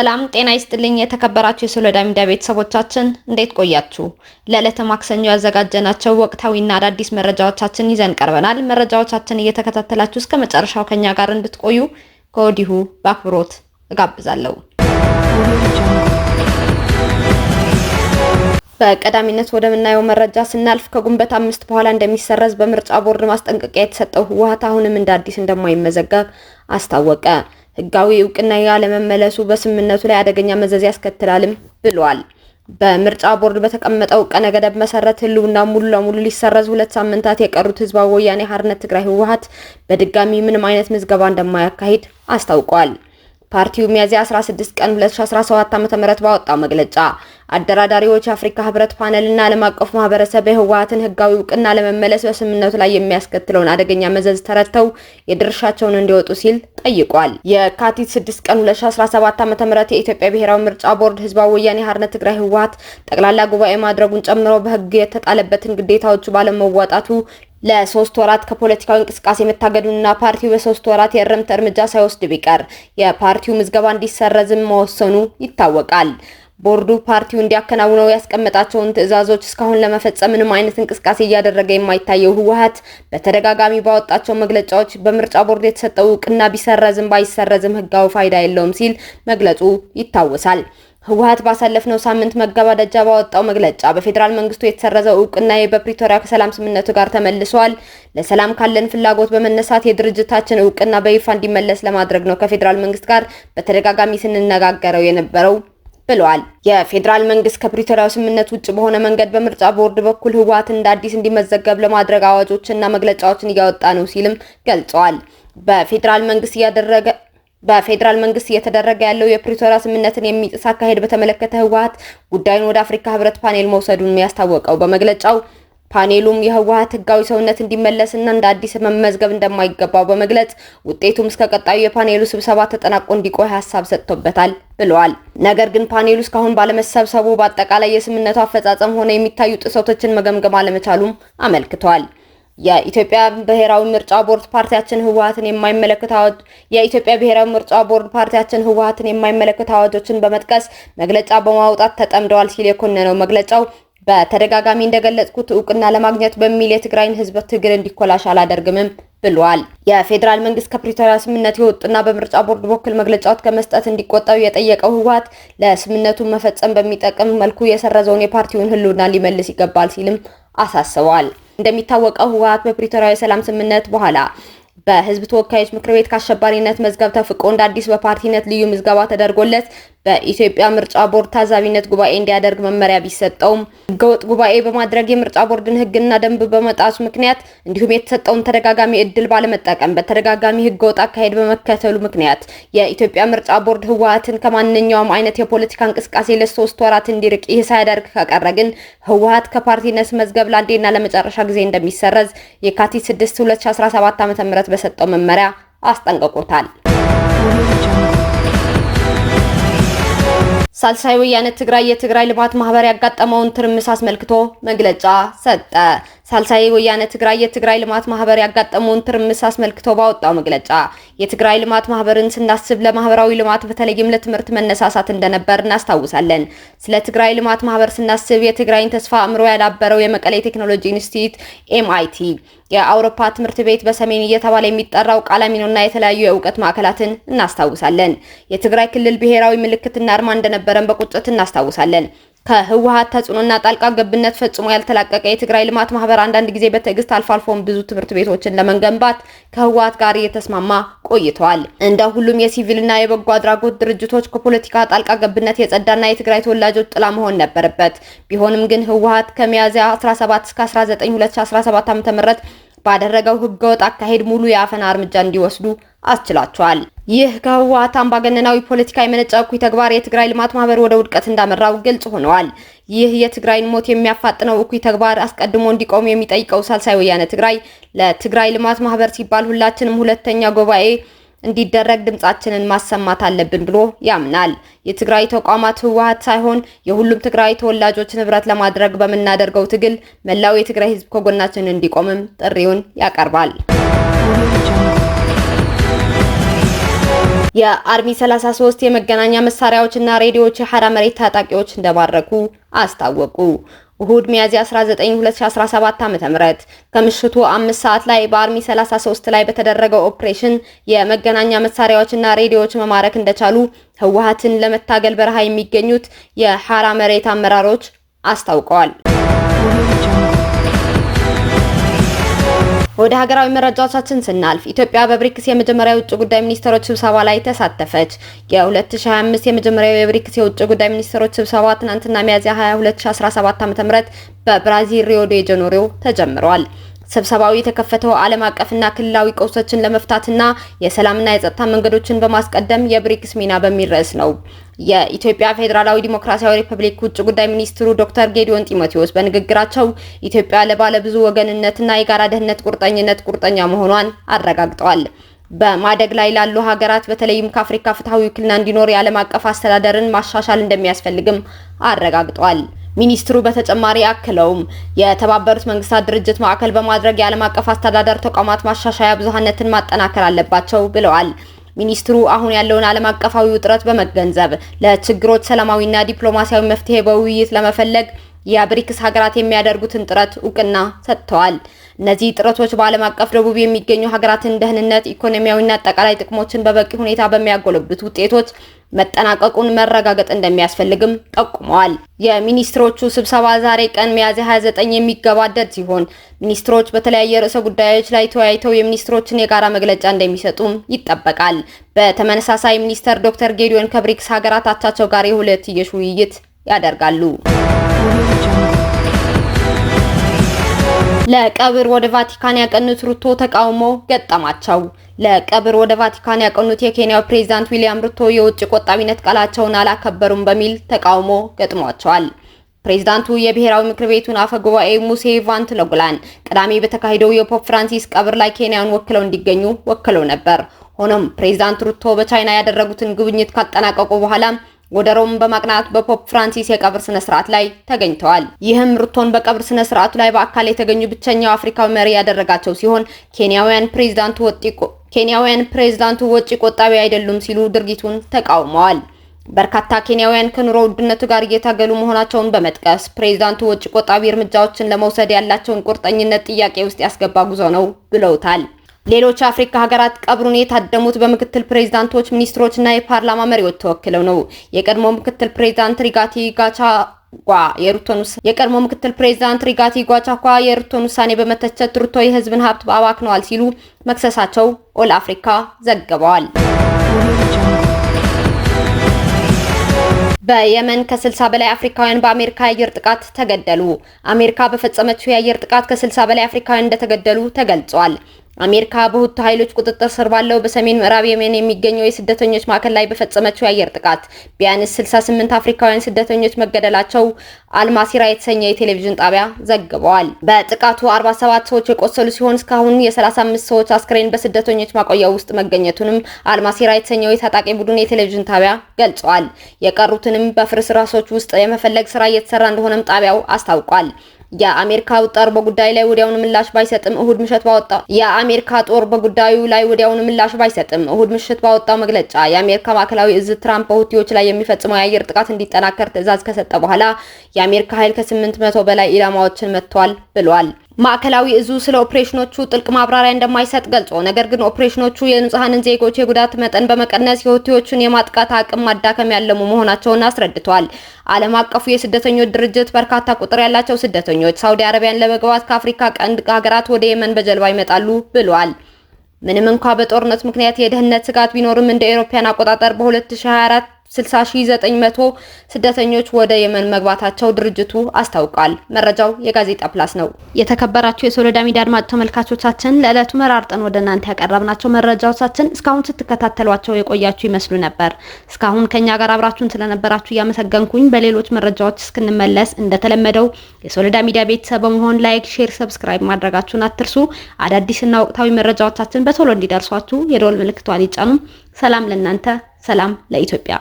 ሰላም ጤና ይስጥልኝ። የተከበራችሁ የሶሎዳ ሚዲያ ቤተሰቦቻችን እንዴት ቆያችሁ? ለዕለተ ማክሰኞ ያዘጋጀናቸው ወቅታዊና አዳዲስ መረጃዎቻችን ይዘን ቀርበናል። መረጃዎቻችን እየተከታተላችሁ እስከ መጨረሻው ከኛ ጋር እንድትቆዩ ከወዲሁ በአክብሮት እጋብዛለሁ። በቀዳሚነት ወደምናየው መረጃ ስናልፍ ከግንቦት አምስት በኋላ እንደሚሰረዝ በምርጫ ቦርድ ማስጠንቀቂያ የተሰጠው ህወሓት አሁንም እንደ አዲስ እንደማይመዘገብ አስታወቀ። ህጋዊ እውቅና ያለመመለሱ በስምምነቱ ላይ አደገኛ መዘዝ ያስከትላልም ብሏል። በምርጫ ቦርድ በተቀመጠው ቀነ ገደብ መሰረት ህልውና ሙሉ ለሙሉ ሊሰረዝ ሁለት ሳምንታት የቀሩት ህዝባዊ ወያኔ ሀርነት ትግራይ ህወሀት በድጋሚ ምንም አይነት ምዝገባ እንደማያካሂድ አስታውቋል። ፓርቲው ሚያዝያ 16 ቀን 2017 ዓ.ም ባወጣው መግለጫ አደራዳሪዎች አፍሪካ ህብረት ፓነልና ዓለም አቀፉ ማህበረሰብ የህወሀትን ህጋዊ እውቅና ለመመለስ በስምምነቱ ላይ የሚያስከትለውን አደገኛ መዘዝ ተረድተው የድርሻቸውን እንዲወጡ ሲል ጠይቋል። የካቲት 6 ቀን 2017 ዓ.ም የኢትዮጵያ ብሔራዊ ምርጫ ቦርድ ህዝባዊ ወያኔ ሓርነት ትግራይ ህወሀት ጠቅላላ ጉባኤ ማድረጉን ጨምሮ በህግ የተጣለበትን ግዴታዎቹ ባለመዋጣቱ ለሶስት ወራት ከፖለቲካዊ እንቅስቃሴ መታገዱንና ፓርቲው በሶስት ወራት የእርምት እርምጃ ሳይወስድ ቢቀር የፓርቲው ምዝገባ እንዲሰረዝም መወሰኑ ይታወቃል። ቦርዱ ፓርቲው እንዲያከናውነው ያስቀመጣቸውን ትዕዛዞች እስካሁን ለመፈጸም ምንም አይነት እንቅስቃሴ እያደረገ የማይታየው ህወሀት በተደጋጋሚ ባወጣቸው መግለጫዎች በምርጫ ቦርድ የተሰጠው እውቅና ቢሰረዝም ባይሰረዝም ህጋዊ ፋይዳ የለውም ሲል መግለጹ ይታወሳል። ህወሀት ባሳለፍነው ሳምንት መገባደጃ ባወጣው መግለጫ በፌዴራል መንግስቱ የተሰረዘው እውቅና በፕሪቶሪያ ከሰላም ስምምነቱ ጋር ተመልሷል። ለሰላም ካለን ፍላጎት በመነሳት የድርጅታችን እውቅና በይፋ እንዲመለስ ለማድረግ ነው ከፌዴራል መንግስት ጋር በተደጋጋሚ ስንነጋገረው የነበረው ብለዋል። የፌዴራል መንግስት ከፕሪቶሪያው ስምምነት ውጭ በሆነ መንገድ በምርጫ ቦርድ በኩል ህወሓት እንደ አዲስ እንዲመዘገብ ለማድረግ አዋጆችና መግለጫዎችን እያወጣ ነው ሲልም ገልጸዋል። በፌዴራል መንግስት እያደረገ በፌዴራል መንግስት እየተደረገ ያለው የፕሪቶሪያ ስምምነትን የሚጥስ አካሄድ በተመለከተ ህወሓት ጉዳዩን ወደ አፍሪካ ህብረት ፓኔል መውሰዱን ያስታወቀው በመግለጫው ፓኔሉም የህወሀት ህጋዊ ሰውነት እንዲመለስና እንደ አዲስ መመዝገብ እንደማይገባው በመግለጽ ውጤቱም እስከ ቀጣዩ የፓኔሉ ስብሰባ ተጠናቆ እንዲቆይ ሀሳብ ሰጥቶበታል ብለዋል። ነገር ግን ፓኔሉ እስካሁን ባለመሰብሰቡ በአጠቃላይ የስምነቱ አፈጻጸም ሆነ የሚታዩ ጥሰቶችን መገምገም አለመቻሉም አመልክቷል። የኢትዮጵያ ብሔራዊ ምርጫ ቦርድ ፓርቲያችን ህወሀትን የማይመለከት አዋጅ የኢትዮጵያ ብሔራዊ ምርጫ ቦርድ ፓርቲያችን ህወሀትን የማይመለከት አዋጆችን በመጥቀስ መግለጫ በማውጣት ተጠምደዋል ሲል የኮነነው መግለጫው በተደጋጋሚ እንደገለጽኩት እውቅና ለማግኘት በሚል የትግራይን ህዝብ ትግል እንዲኮላሽ አላደርግምም ብሏል። የፌዴራል መንግስት ከፕሪቶሪያ ስምምነት የወጡና በምርጫ ቦርድ በኩል መግለጫዎት ከመስጠት እንዲቆጠብ የጠየቀው ህወሓት ለስምምነቱን መፈጸም በሚጠቅም መልኩ የሰረዘውን የፓርቲውን ህልውና ሊመልስ ይገባል ሲልም አሳስበዋል። እንደሚታወቀው ህወሓት በፕሪቶሪያ የሰላም ስምምነት በኋላ በህዝብ ተወካዮች ምክር ቤት ከአሸባሪነት መዝገብ ተፍቆ እንደ አዲስ በፓርቲነት ልዩ ምዝገባ ተደርጎለት በኢትዮጵያ ምርጫ ቦርድ ታዛቢነት ጉባኤ እንዲያደርግ መመሪያ ቢሰጠውም ህገወጥ ጉባኤ በማድረግ የምርጫ ቦርድን ህግና ደንብ በመጣሱ ምክንያት እንዲሁም የተሰጠውን ተደጋጋሚ እድል ባለመጠቀም በተደጋጋሚ ህገወጥ አካሄድ በመከተሉ ምክንያት የኢትዮጵያ ምርጫ ቦርድ ህወሀትን ከማንኛውም አይነት የፖለቲካ እንቅስቃሴ ለሶስት ወራት እንዲርቅ ይህ ሳያደርግ ከቀረ ግን ህወሀት ከፓርቲነት መዝገብ ለአንዴና ለመጨረሻ ጊዜ እንደሚሰረዝ የካቲት 6 2017 ዓ.ም በሰጠው መመሪያ አስጠንቅቆታል። ሳልሳይ ወያነ ትግራይ የትግራይ ልማት ማህበር ያጋጠመውን ትርምስ አስመልክቶ መግለጫ ሰጠ። ሳልሳይ ወያነ ትግራይ የትግራይ ልማት ማህበር ያጋጠመውን ትርምስ አስመልክቶ ባወጣው መግለጫ የትግራይ ልማት ማህበርን ስናስብ ለማህበራዊ ልማት በተለይም ለትምህርት መነሳሳት እንደነበር እናስታውሳለን። ስለ ትግራይ ልማት ማህበር ስናስብ የትግራይን ተስፋ አእምሮ ያዳበረው የመቀሌ ቴክኖሎጂ ኢንስቲትዩት ኤምአይቲ፣ የአውሮፓ ትምህርት ቤት በሰሜን እየተባለ የሚጠራው ቃላሚኖና የተለያዩ የእውቀት ማዕከላትን እናስታውሳለን። የትግራይ ክልል ብሔራዊ ምልክትና አርማ እንደነበረን በቁጭት እናስታውሳለን። ከህወሀት ተጽዕኖና ጣልቃ ገብነት ፈጽሞ ያልተላቀቀ የትግራይ ልማት ማህበር አንዳንድ ጊዜ በትዕግስት አልፎ አልፎም ብዙ ትምህርት ቤቶችን ለመገንባት ከህወሀት ጋር እየተስማማ ቆይተዋል። እንደ ሁሉም የሲቪልና የበጎ አድራጎት ድርጅቶች ከፖለቲካ ጣልቃ ገብነት የጸዳና የትግራይ ተወላጆች ጥላ መሆን ነበረበት። ቢሆንም ግን ህወሀት ከሚያዝያ 17 እስከ 19 2017 ም ባደረገው ህገወጥ አካሄድ ሙሉ የአፈና እርምጃ እንዲወስዱ አስችላቸዋል። ይህ ከህወሀት አምባገነናዊ ፖለቲካ የመነጨ እኩይ ተግባር የትግራይ ልማት ማህበር ወደ ውድቀት እንዳመራው ግልጽ ሆነዋል። ይህ የትግራይን ሞት የሚያፋጥነው እኩይ ተግባር አስቀድሞ እንዲቆም የሚጠይቀው ሳልሳይ ወያነ ትግራይ ለትግራይ ልማት ማህበር ሲባል ሁላችንም ሁለተኛ ጉባኤ እንዲደረግ ድምጻችንን ማሰማት አለብን ብሎ ያምናል። የትግራይ ተቋማት ህወሀት ሳይሆን የሁሉም ትግራይ ተወላጆች ንብረት ለማድረግ በምናደርገው ትግል መላው የትግራይ ህዝብ ከጎናችን እንዲቆምም ጥሪውን ያቀርባል። የአርሚ 33 የመገናኛ መሳሪያዎችና ሬዲዮዎች የሐራ መሬት ታጣቂዎች እንደማረኩ አስታወቁ። እሁድ ሚያዝያ 19 2017 ም ከምሽቱ 5 ሰዓት ላይ በአርሚ 33 ላይ በተደረገው ኦፕሬሽን የመገናኛ መሳሪያዎችና ሬዲዮዎች መማረክ እንደቻሉ ህወሀትን ለመታገል በረሃ የሚገኙት የሐራ መሬት አመራሮች አስታውቀዋል። ወደ ሀገራዊ መረጃዎቻችን ስናልፍ ኢትዮጵያ በብሪክስ የመጀመሪያ የውጭ ጉዳይ ሚኒስትሮች ስብሰባ ላይ ተሳተፈች። የ2025 የመጀመሪያው የብሪክስ የውጭ ጉዳይ ሚኒስትሮች ስብሰባ ትናንትና ሚያዝያ 22 2017 ዓ.ም በብራዚል ሪዮ ዴ ጀኔሮ ተጀምሯል። ስብሰባው የተከፈተው ዓለም አቀፍና ክልላዊ ቀውሶችን ለመፍታትና የሰላምና የጸጥታ መንገዶችን በማስቀደም የብሪክስ ሚና በሚል ርዕስ ነው። የኢትዮጵያ ፌዴራላዊ ዲሞክራሲያዊ ሪፐብሊክ ውጭ ጉዳይ ሚኒስትሩ ዶክተር ጌዲዮን ጢሞቴዎስ በንግግራቸው ኢትዮጵያ ለባለብዙ ወገንነትና የጋራ ደህንነት ቁርጠኝነት ቁርጠኛ መሆኗን አረጋግጠዋል። በማደግ ላይ ላሉ ሀገራት በተለይም ከአፍሪካ ፍትሐዊ ውክልና እንዲኖር የዓለም አቀፍ አስተዳደርን ማሻሻል እንደሚያስፈልግም አረጋግጠዋል። ሚኒስትሩ በተጨማሪ አክለውም የተባበሩት መንግስታት ድርጅት ማዕከል በማድረግ የዓለም አቀፍ አስተዳደር ተቋማት ማሻሻያ ብዙሃነትን ማጠናከር አለባቸው ብለዋል። ሚኒስትሩ አሁን ያለውን ዓለም አቀፋዊ ውጥረት በመገንዘብ ለችግሮች ሰላማዊና ዲፕሎማሲያዊ መፍትሄ በውይይት ለመፈለግ የብሪክስ ሀገራት የሚያደርጉትን ጥረት እውቅና ሰጥተዋል። እነዚህ ጥረቶች በዓለም አቀፍ ደቡብ የሚገኙ ሀገራትን ደህንነት፣ ኢኮኖሚያዊና አጠቃላይ ጥቅሞችን በበቂ ሁኔታ በሚያጎለብት ውጤቶች መጠናቀቁን መረጋገጥ እንደሚያስፈልግም ጠቁመዋል። የሚኒስትሮቹ ስብሰባ ዛሬ ቀን ሚያዝያ 29 የሚገባደድ ሲሆን ሚኒስትሮች በተለያየ ርዕሰ ጉዳዮች ላይ ተወያይተው የሚኒስትሮችን የጋራ መግለጫ እንደሚሰጡም ይጠበቃል። በተመሳሳይ ሚኒስተር ዶክተር ጌዲዮን ከብሪክስ ሀገራት አቻቸው ጋር የሁለትዮሽ ውይይት ያደርጋሉ። ለቀብር ወደ ቫቲካን ያቀኑት ሩቶ ተቃውሞ ገጠማቸው። ለቀብር ወደ ቫቲካን ያቀኑት የኬንያው ፕሬዝዳንት ዊሊያም ሩቶ የውጭ ቆጣቢነት ቃላቸውን አላከበሩም በሚል ተቃውሞ ገጥሟቸዋል። ፕሬዝዳንቱ የብሔራዊ ምክር ቤቱን አፈ ጉባኤ ሙሴ ቫንትለጉላን ቅዳሜ በተካሄደው የፖፕ ፍራንሲስ ቀብር ላይ ኬንያን ወክለው እንዲገኙ ወክለው ነበር። ሆኖም ፕሬዝዳንት ሩቶ በቻይና ያደረጉትን ጉብኝት ካጠናቀቁ በኋላ ወደ ሮም በማቅናት በፖፕ ፍራንሲስ የቀብር ስነ ስርዓት ላይ ተገኝተዋል። ይህም ሩቶን በቀብር ስነ ስርዓቱ ላይ በአካል የተገኙ ብቸኛው አፍሪካዊ መሪ ያደረጋቸው ሲሆን ኬንያውያን ፕሬዝዳንቱ ወጪ ኬንያውያን ፕሬዝዳንቱ ወጪ ቆጣቢ አይደሉም ሲሉ ድርጊቱን ተቃውመዋል። በርካታ ኬንያውያን ከኑሮ ውድነቱ ጋር እየታገሉ መሆናቸውን በመጥቀስ ፕሬዝዳንቱ ወጪ ቆጣቢ እርምጃዎችን ለመውሰድ ያላቸውን ቁርጠኝነት ጥያቄ ውስጥ ያስገባ ጉዞ ነው ብለውታል። ሌሎች የአፍሪካ ሀገራት ቀብሩን የታደሙት በምክትል ፕሬዚዳንቶች፣ ሚኒስትሮች እና የፓርላማ መሪዎች ተወክለው ነው። የቀድሞ ምክትል ፕሬዚዳንት ሪጋቲ ጋቻጓ የሩቶን የቀድሞ ምክትል ፕሬዚዳንት ሪጋቲ ጓቻኳ የሩቶን ውሳኔ በመተቸት ሩቶ የህዝብን ሀብት አባክነዋል ሲሉ መክሰሳቸው ኦል አፍሪካ ዘግበዋል። በየመን ከ60 በላይ አፍሪካውያን በአሜሪካ የአየር ጥቃት ተገደሉ። አሜሪካ በፈጸመችው የአየር ጥቃት ከ60 በላይ አፍሪካውያን እንደተገደሉ ተገልጿል። አሜሪካ በሁቱ ኃይሎች ቁጥጥር ስር ባለው በሰሜን ምዕራብ የመን የሚገኘው የስደተኞች ማዕከል ላይ በፈጸመችው የአየር ጥቃት ቢያንስ 68 አፍሪካውያን ስደተኞች መገደላቸው አልማሲራ የተሰኘ የቴሌቪዥን ጣቢያ ዘግበዋል። በጥቃቱ 47 ሰዎች የቆሰሉ ሲሆን እስካሁን የ35 ሰዎች አስክሬን በስደተኞች ማቆያ ውስጥ መገኘቱንም አልማሲራ የተሰኘው የታጣቂ ቡድን የቴሌቪዥን ጣቢያ ገልጸዋል። የቀሩትንም በፍርስራሾች ውስጥ የመፈለግ ስራ እየተሰራ እንደሆነም ጣቢያው አስታውቋል። የአሜሪካ አውታር በጉዳይ ላይ ወዲያውኑ ምላሽ ባይሰጥም እሁድ ምሽት ባወጣው የአሜሪካ ጦር በጉዳዩ ላይ ወዲያውኑ ምላሽ ባይሰጥም እሁድ ምሽት ባወጣው መግለጫ የአሜሪካ ማዕከላዊ እዝ ትራምፕ በሁቲዎች ላይ የሚፈጽመው የአየር ጥቃት እንዲጠናከር ትዕዛዝ ከሰጠ በኋላ የአሜሪካ ኃይል ከስምንት መቶ በላይ ኢላማዎችን መጥቷል ብሏል። ማዕከላዊ እዙ ስለ ኦፕሬሽኖቹ ጥልቅ ማብራሪያ እንደማይሰጥ ገልጾ ነገር ግን ኦፕሬሽኖቹ የንጹሐንን ዜጎች የጉዳት መጠን በመቀነስ የሁቲዎቹን የማጥቃት አቅም ማዳከም ያለሙ መሆናቸውን አስረድቷል። ዓለም አቀፉ የስደተኞች ድርጅት በርካታ ቁጥር ያላቸው ስደተኞች ሳውዲ አረቢያን ለመግባት ከአፍሪካ ቀንድ ሀገራት ወደ የመን በጀልባ ይመጣሉ ብሏል። ምንም እንኳ በጦርነት ምክንያት የደህንነት ስጋት ቢኖርም እንደ ኤሮፓያን አቆጣጠር በ2024 60900 ስደተኞች ወደ የመን መግባታቸው ድርጅቱ አስታውቋል። መረጃው የጋዜጣ ፕላስ ነው። የተከበራችሁ የሶሎዳ ሚዲያ አድማጭ ተመልካቾቻችን ለዕለቱ መራርጠን ወደ እናንተ ያቀረብናቸው መረጃዎቻችን እስካሁን ስትከታተሏቸው የቆያችሁ ይመስሉ ነበር። እስካሁን ከኛ ጋር አብራችሁን ስለነበራችሁ እያመሰገንኩኝ በሌሎች መረጃዎች እስክንመለስ እንደተለመደው የሶሎዳ ሚዲያ ቤተሰብ በመሆን ላይክ፣ ሼር፣ ሰብስክራይብ ማድረጋችሁን አትርሱ። አዳዲስና ወቅታዊ መረጃዎቻችን በቶሎ እንዲደርሷችሁ የደወል ምልክቷን ይጫኑ። ሰላም ለእናንተ፣ ሰላም ለኢትዮጵያ።